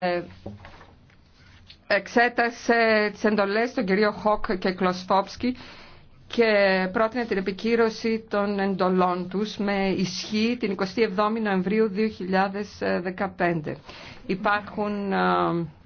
Ε, εξέτασε τις εντολές των κυρίων Χοκ και Κλωσφόψκη και πρότεινε την επικύρωση των εντολών τους με ισχύ την 27η Νοεμβρίου 2015. Υπάρχουν ε,